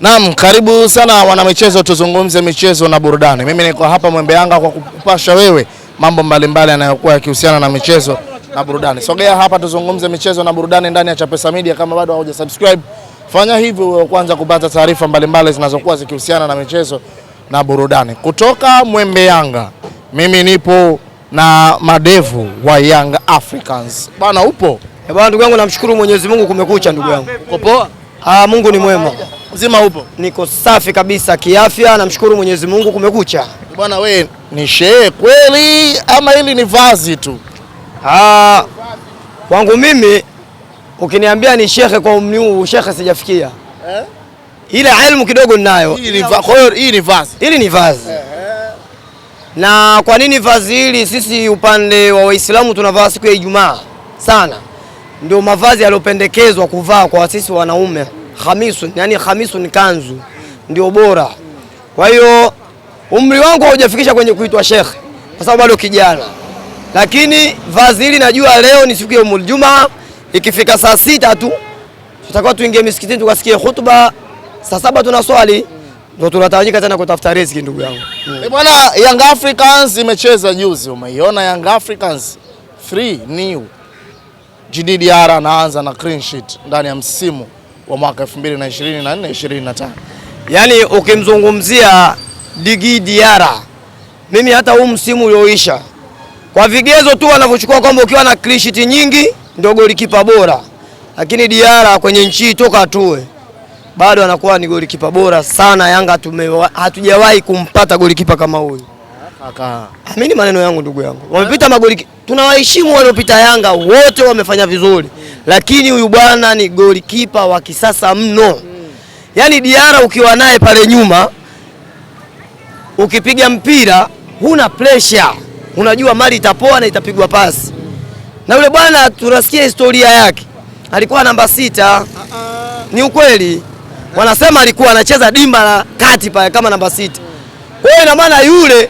Naam, karibu sana wanamichezo, tuzungumze michezo na burudani. Mimi niko hapa Mwembe Yanga kwa kupasha wewe mambo mbalimbali yanayokuwa yakihusiana na michezo na burudani. Sogea hapa tuzungumze michezo na burudani ndani ya Chapesa Media. Kama bado hauja subscribe, fanya hivyo kwanza kupata taarifa mbalimbali zinazokuwa zikihusiana na michezo na burudani kutoka Mwembe Yanga. Mimi nipo na madevu wa Young Africans. Bwana upo? Eh, bwana ndugu yangu namshukuru Mwenyezi Mungu kumekucha ndugu yangu. Uko poa? Ah, Mungu ni mwema. Uzima upo? Niko safi kabisa kiafya, namshukuru Mwenyezi Mungu kumekucha. Bwana we ni shehe kweli ama hili ni vazi tu? Ah, kwangu mimi ukiniambia ni shekhe kwa umri huu shekhe sijafikia eh? Ila elimu kidogo ninayo. Hii ni vazi, hili ni vazi eh. Na kwa nini vazi hili? Sisi upande wa Waislamu tunavaa siku ya Ijumaa sana, ndio mavazi yaliyopendekezwa kuvaa kwa sisi wanaume Hamisu, yani Hamisu ni kanzu ndio bora. Kwa hiyo umri wangu haujafikisha kwenye kuitwa Sheikh kwa sababu bado kijana, lakini vazi hili najua leo ni siku ya Umul Jumaa, ikifika saa sita tu tutakuwa tuingie misikitini tukasikie hutuba, saa saba tuna swali ndio tunatawanyika tena kutafuta riziki ndugu yangu. Mm. Eh, bwana, Young Africans imecheza juzi, umeiona Young Africans 3 new. Jidi Diara anaanza na clean sheet ndani ya msimu wa mwaka 2024 2025. Yaani ukimzungumzia Digi Diara, mimi hata huu msimu ulioisha kwa vigezo tu wanavyochukua kwamba ukiwa na clean sheet nyingi ndio golikipa bora, lakini Diara kwenye nchi toka tue bado anakuwa ni golikipa bora sana. Yanga hatujawahi kumpata golikipa kama huyu. amini maneno yangu ndugu yangu, wamepita magoli, tunawaheshimu waliopita Yanga wote, wamefanya vizuri lakini huyu bwana ni golikipa wa kisasa mno Yaani Diara ukiwa naye pale nyuma, ukipiga mpira huna pressure, unajua mali itapoa na itapigwa pasi Na yule bwana tunasikia historia yake, alikuwa namba sita Ni ukweli wanasema alikuwa anacheza dimba la kati pale kama namba sita. Kwa hiyo ina maana yule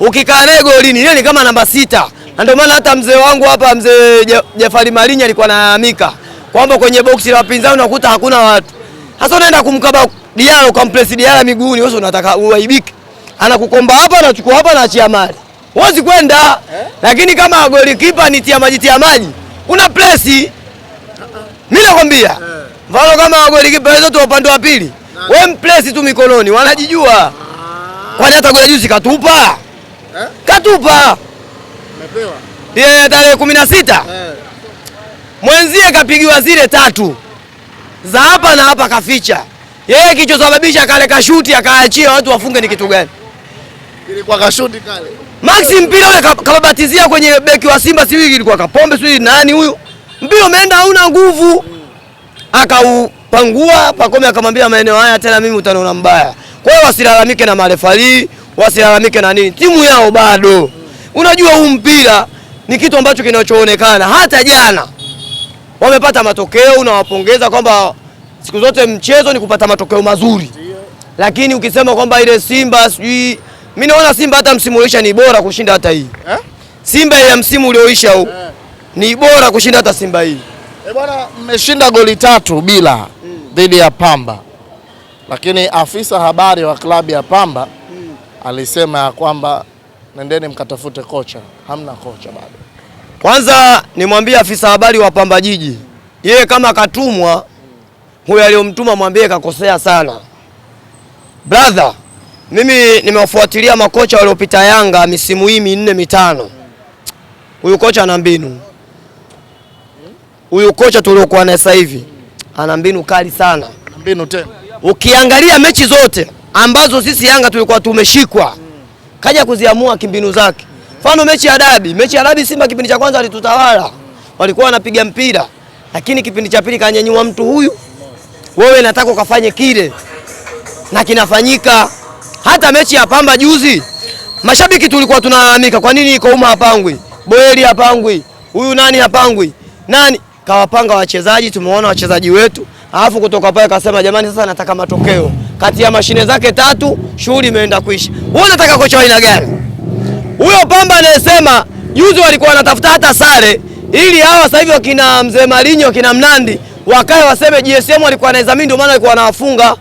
ukikaa naye golini, yeye ni kama namba sita na ndio maana hata mzee wangu hapa, mzee Jafari Malinyi alikuwa analalamika kwamba kwenye boksi la wapinzani unakuta hakuna watu. Sasa unaenda kumkaba Diara ukampresi Diara miguuni, wewe unataka uaibike? Anakukomba hapa, anachukua hapa, anaachia mali, huwezi kwenda eh? Lakini kama golikipa ni tia maji, tia maji, una presi. Uh-uh. Mimi nakwambia eh. mfano kama golikipa tu upande wa pili, wewe mpresi tu mikononi, wanajijua. Ah. Kwani hata goli juzi katupa eh? katupa yeah, tarehe kumi na sita eh. Mwenzie kapigiwa zile tatu za hapa na hapa kaficha yeye, kichosababisha kale kashuti akaachia watu wafunge ni kitu gani? Ilikuwa kashuti kale Maxi mpira ule kababatizia kwenye beki wa Simba, si wiki ilikuwa kapombe, si nani huyu, mpira umeenda hauna nguvu, akaupangua Pakome akamwambia maeneo haya tena mimi utaniona mbaya. Kwa hiyo wasilalamike na marefali, wasilalamike na nini, timu yao bado Unajua huu mpira ni kitu ambacho kinachoonekana. Hata jana wamepata matokeo, unawapongeza kwamba siku zote mchezo ni kupata matokeo mazuri, lakini ukisema kwamba ile Simba sijui, mimi naona Simba hata msimu ulioisha ni bora kushinda hata hii eh? Simba ya msimu ulioisha huu eh, ni bora kushinda hata Simba hii eh, bwana. Mmeshinda goli tatu bila mm, dhidi ya Pamba, lakini afisa habari wa klabu ya Pamba mm, alisema ya kwamba nendeni mkatafute kocha. Hamna kocha bado. Kwanza nimwambie afisa habari wa Pamba Jiji, yeye kama katumwa huyo aliyomtuma mwambie kakosea sana. Brother, mimi nimewafuatilia makocha waliopita Yanga misimu hii minne mitano. Huyu kocha ana mbinu, huyu kocha tuliokuwa naye sasa hivi ana mbinu kali sana, mbinu tena. Ukiangalia mechi zote ambazo sisi Yanga tulikuwa tumeshikwa kaja kuziamua kimbinu zake. Mfano mechi ya dabi, mechi ya dabi Simba kipindi cha kwanza walitutawala, walikuwa wanapiga mpira, lakini kipindi cha pili kanyenyua mtu huyu, wewe nataka ukafanye kile, na kinafanyika. Hata mechi ya Pamba juzi, mashabiki tulikuwa tunalalamika, kwa nini uma hapangwi, Boeli hapangwi, huyu nani hapangwi, nani kawapanga wachezaji. Tumeona wachezaji wetu alafu kutoka pale kasema jamani, sasa nataka matokeo. Kati ya mashine zake tatu, shughuli imeenda kuisha. Wewe unataka kocha wa aina gani huyo? Pamba anayesema juzi walikuwa wanatafuta hata sare, ili hawa sasa hivi wakina mzee Malinyo wakina Mnandi wakae waseme GSM walikuwa wanaizamini, ndio maana walikuwa wanawafunga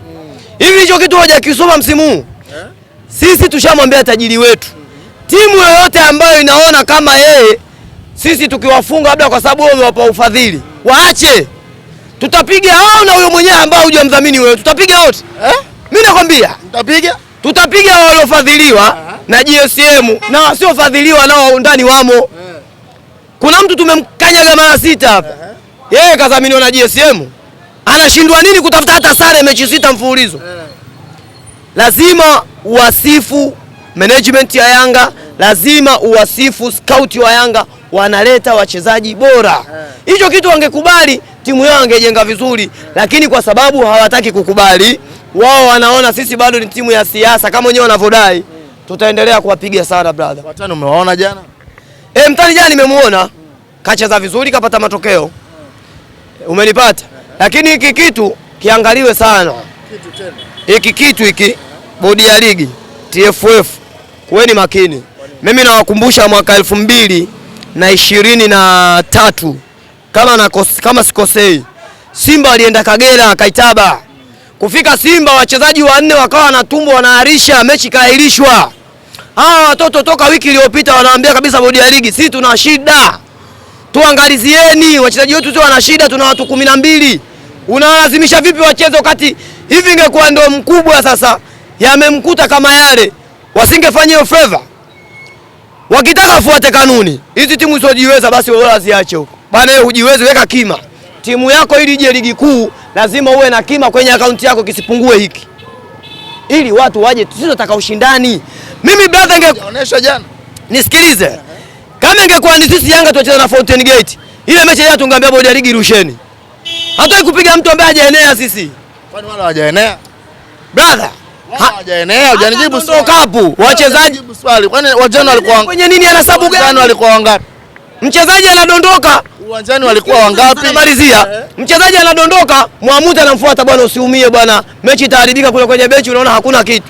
hivi. Hicho kitu hoja kisoma msimu huu. Sisi tushamwambia tajiri wetu, timu yoyote ambayo inaona kama yeye sisi tukiwafunga labda kwa sababu wao wamewapa ufadhili, waache Tutapiga hao na huyo mwenyewe ambao hujamdhamini wewe, tutapiga wote eh? Mimi nakwambia tutapiga, tutapiga wale waliofadhiliwa na GSM na wasiofadhiliwa nao ndani wamo Kuna mtu tumemkanyaga mara sita hapa Yeye kadhaminiwa na GSM, anashindwa nini kutafuta hata sare mechi sita mfululizo Lazima uwasifu management ya Yanga, lazima uwasifu scout wa Yanga, wanaleta wachezaji bora. Hicho kitu wangekubali timu yao angejenga vizuri, lakini kwa sababu hawataki kukubali, wao wanaona sisi bado ni timu ya siasa kama wenyewe wanavyodai. Tutaendelea kuwapiga sana brother. Watani umewaona jana? E, mtani jana nimemuona kacheza vizuri, kapata matokeo, umenipata. Lakini hiki kitu kiangaliwe sana, hiki kitu hiki, bodi ya ligi TFF, kuweni makini. Mimi nawakumbusha mwaka elfu mbili na ishirini na tatu kama, na kama sikosei Simba alienda Kagera Kaitaba. Kufika Simba wachezaji wanne wakawa na tumbo wanaharisha, mechi kaahirishwa. Hawa watoto toka wiki iliyopita wanaambia kabisa bodi ya ligi, sisi tuna shida, tuangalizieni wachezaji wetu, sio wana shida, tuna watu kumi na mbili, unalazimisha vipi wacheze wakati hivi? Ingekuwa ndo mkubwa sasa, yamemkuta kama yale, wasingefanya hiyo favor. Wakitaka fuate kanuni hizi, timu isiyojiweza basi wao ziache huko bana, hujiwezi weka kima timu yako ili ije ligi kuu, lazima uwe na kima kwenye akaunti yako kisipungue hiki, ili watu waje. Tunataka ushindani. Mimi brother, ningeonyesha jana, nisikilize. Kama ingekuwa ni sisi Yanga tuacheza na Fountain Gate ile mechi ya tungeambia bodi ya ligi rusheni, hataki kupiga mtu ambaye hajaenea. Sisi kwani wala hajaenea brother, hajaenea. Hujanijibu Sio swali, wachezaji kwenye nini? Ana sababu gani? Walikuwa wangapi? mchezaji anadondoka uwanjani, walikuwa wangapi? Namalizia, eh? mchezaji anadondoka, mwamuzi anamfuata, bwana usiumie bwana, mechi itaharibika kule kwenye benchi, unaona hakuna kitu.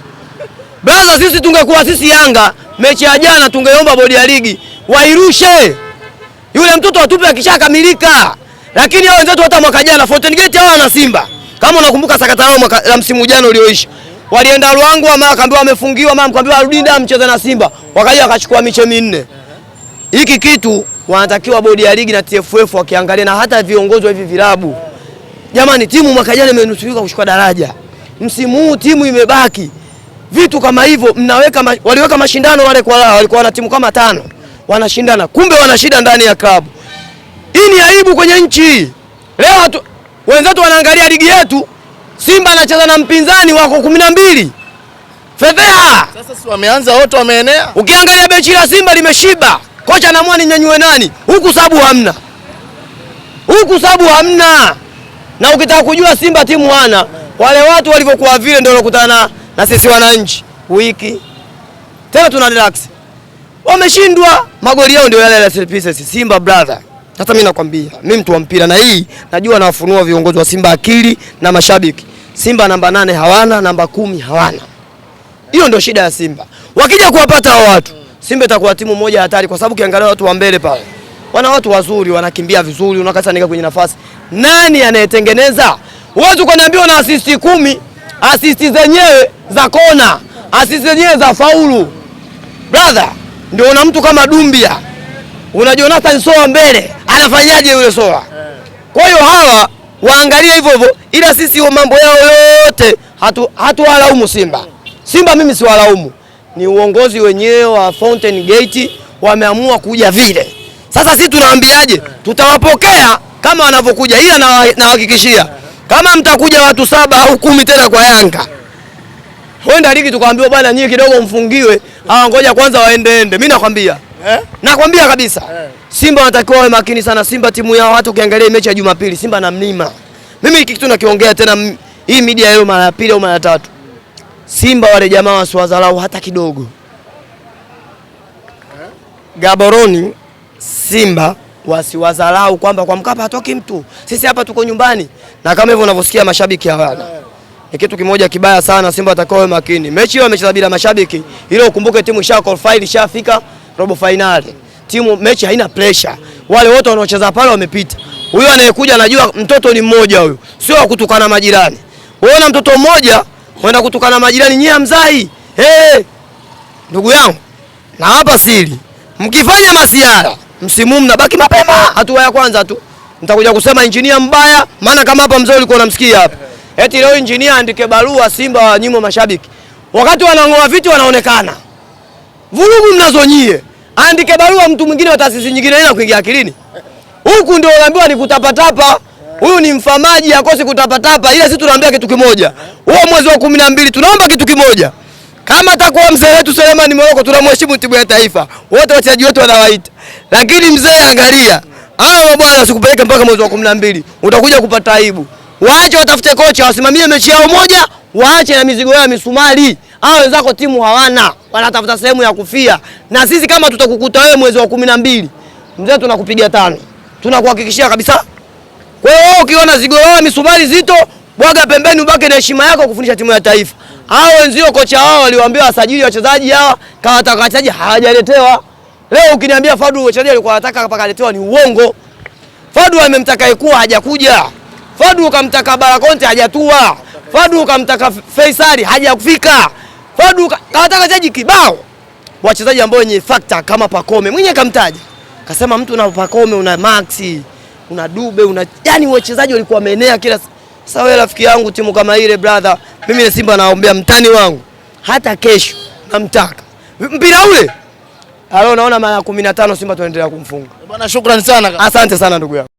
Brother, sisi tungekuwa sisi Yanga, mechi ya jana tungeomba bodi ya ligi wairushe yule mtoto atupe akishakamilika, lakini hao wenzetu hata mwaka jana Fountain Gate hao wana Simba, kama unakumbuka sakata lao mwaka la msimu jana ulioisha, walienda Ruangwa, mama akaambiwa amefungiwa, mama akaambiwa arudi ndio amcheze na Simba, wakaja wakachukua miche minne. Hiki kitu wanatakiwa bodi ya ligi na TFF wakiangalia na hata viongozi wa hivi vilabu. Jamani, timu mwaka jana imenusurika kushuka daraja, msimu huu timu imebaki. Vitu kama hivyo mnaweka ma, waliweka mashindano wale kwa lao, walikuwa na timu kama tano wanashindana, kumbe wanashinda ndani ya klabu. Hii ni aibu kwenye nchi. Leo wenzetu wanaangalia ligi yetu, Simba anacheza na mpinzani wako kumi na mbili fedheha. Sasa si wameanza wote wameenea, ukiangalia bechi la Simba limeshiba kocha anaamua ninyanyue nani huku, sabu hamna huku, sabu hamna. Na ukitaka kujua Simba timu hana wale watu walivyokuwa vile, ndio walokutana na sisi wananchi wiki tena, tuna relax, wameshindwa magoli yao ndio yale yale pieces. Simba brother, sasa mimi nakwambia, mimi mtu wa mpira, na hii najua nawafunua viongozi wa Simba akili na mashabiki. Simba namba nane hawana, namba kumi hawana. Hiyo ndio shida ya Simba. Wakija kuwapata hao watu Simba itakuwa timu moja hatari, kwa sababu ukiangalia watu wa mbele pale wana watu wazuri, wanakimbia vizuri, unakasanika kwenye nafasi. Nani anayetengeneza? Watu kaniambiwa na assist kumi, assist zenyewe za kona, assist zenyewe za faulu. Brother, ndio una mtu kama Dumbia, una Jonathan Soa mbele, anafanyaje yule Soa? Kwa hiyo hawa waangalie hivyo hivyo, ila sisi mambo yao yote hatuwalaumu hatu Simba. Simba mimi siwalaumu ni uongozi wenyewe wa Fountain Gate wameamua kuja vile. Sasa sisi tunawaambiaje? Tutawapokea kama wanavyokuja, Hii nawahakikishia kama mtakuja watu saba au kumi tena kwa Yanga Wenda ligi tukaambiwa bwana nyie kidogo mfungiwe. Ah, ngoja kwanza waende ende. Mimi nakwambia. Eh? Nakwambia kabisa. Eh. Simba wanatakiwa wawe makini sana. Simba timu yao hata ukiangalia mechi ya Jumapili Simba na Mlima. Mimi hiki kitu nakiongea tena hii media leo mara ya pili au mara ya tatu. Simba wale jamaa wasiwadharau hata kidogo. Gaboroni Simba wasiwadharau kwamba kwa Mkapa hatoki mtu, sisi hapa tuko nyumbani, na kama hivyo unavyosikia mashabiki hawana ni kitu kimoja kibaya sana. Simba atakao makini, mechi hiyo amecheza bila mashabiki, hilo ukumbuke. Timu isha qualify ishafika robo finali, timu mechi haina pressure. Wale wote wanaocheza pale wamepita. Huyo anayekuja anajua mtoto ni mmoja, huyo sio kutukana majirani. Unaona mtoto mmoja kwenda kutukana majirani, nyie hamzai. Hey, ndugu yangu, na hapa siri, mkifanya masiara msimu mnabaki mapema, hatua ya kwanza tu nitakuja kusema injinia mbaya. Maana kama hapa mzee ulikuwa unamsikia hapa eti leo injinia andike barua Simba wanyimwe mashabiki, wakati wanang'oa viti wanaonekana. Vurugu mnazonyie, andike barua mtu mwingine wa taasisi nyingine, ina kuingia akilini? Huku ndio unaambiwa ni kutapatapa huyu ni mfamaji, akose kutapatapa, ila sisi tunaambia kitu kimoja, huo mwezi wa kumi na mbili tunaomba kitu kimoja kama atakuwa mzee wetu Selemani Moroko, tunamheshimu timu ya taifa, wote wachezaji wetu wanawaita, lakini mzee, angalia hao bwana, sikupeleke mpaka mwezi wa kumi na mbili utakuja kupata aibu. Waache watafute kocha wasimamie mechi yao moja, waache na mizigo yao ya misumari. Hao wenzako timu hawana, wanatafuta sehemu ya kufia, na sisi kama tutakukuta wewe mwezi wa kumi na mbili, mzee, tunakupiga tano, tunakuhakikishia kabisa kwa hiyo wewe ukiona zigo wao misumari zito, bwaga pembeni, ubaki na heshima yako kufundisha timu ya taifa. Hao wenzio kocha wao waliwaambia wasajili wachezaji hawa, kama watakaje hawajaletewa. Leo ukiniambia Fadu wachezaji alikuwa anataka mpaka aletewa ni uongo. Fadu amemtaka Ekuwa hajakuja. Fadu ukamtaka Barakonte hajatua. Fadu ukamtaka Faisali hajafika. Fadu anataka chaji kibao. Wachezaji ambao wenye factor kama Pakome. Mwenye kamtaja. Kasema mtu na Pakome una Maxi una Dube, una yani wachezaji walikuwa wameenea kila sasa. Wewe rafiki yangu, timu kama ile brother, mimi na Simba naombea mtani wangu, hata kesho namtaka mpira ule alio naona mara 15 Simba tunaendelea kumfunga bwana. Shukrani sana, asante sana ndugu yangu.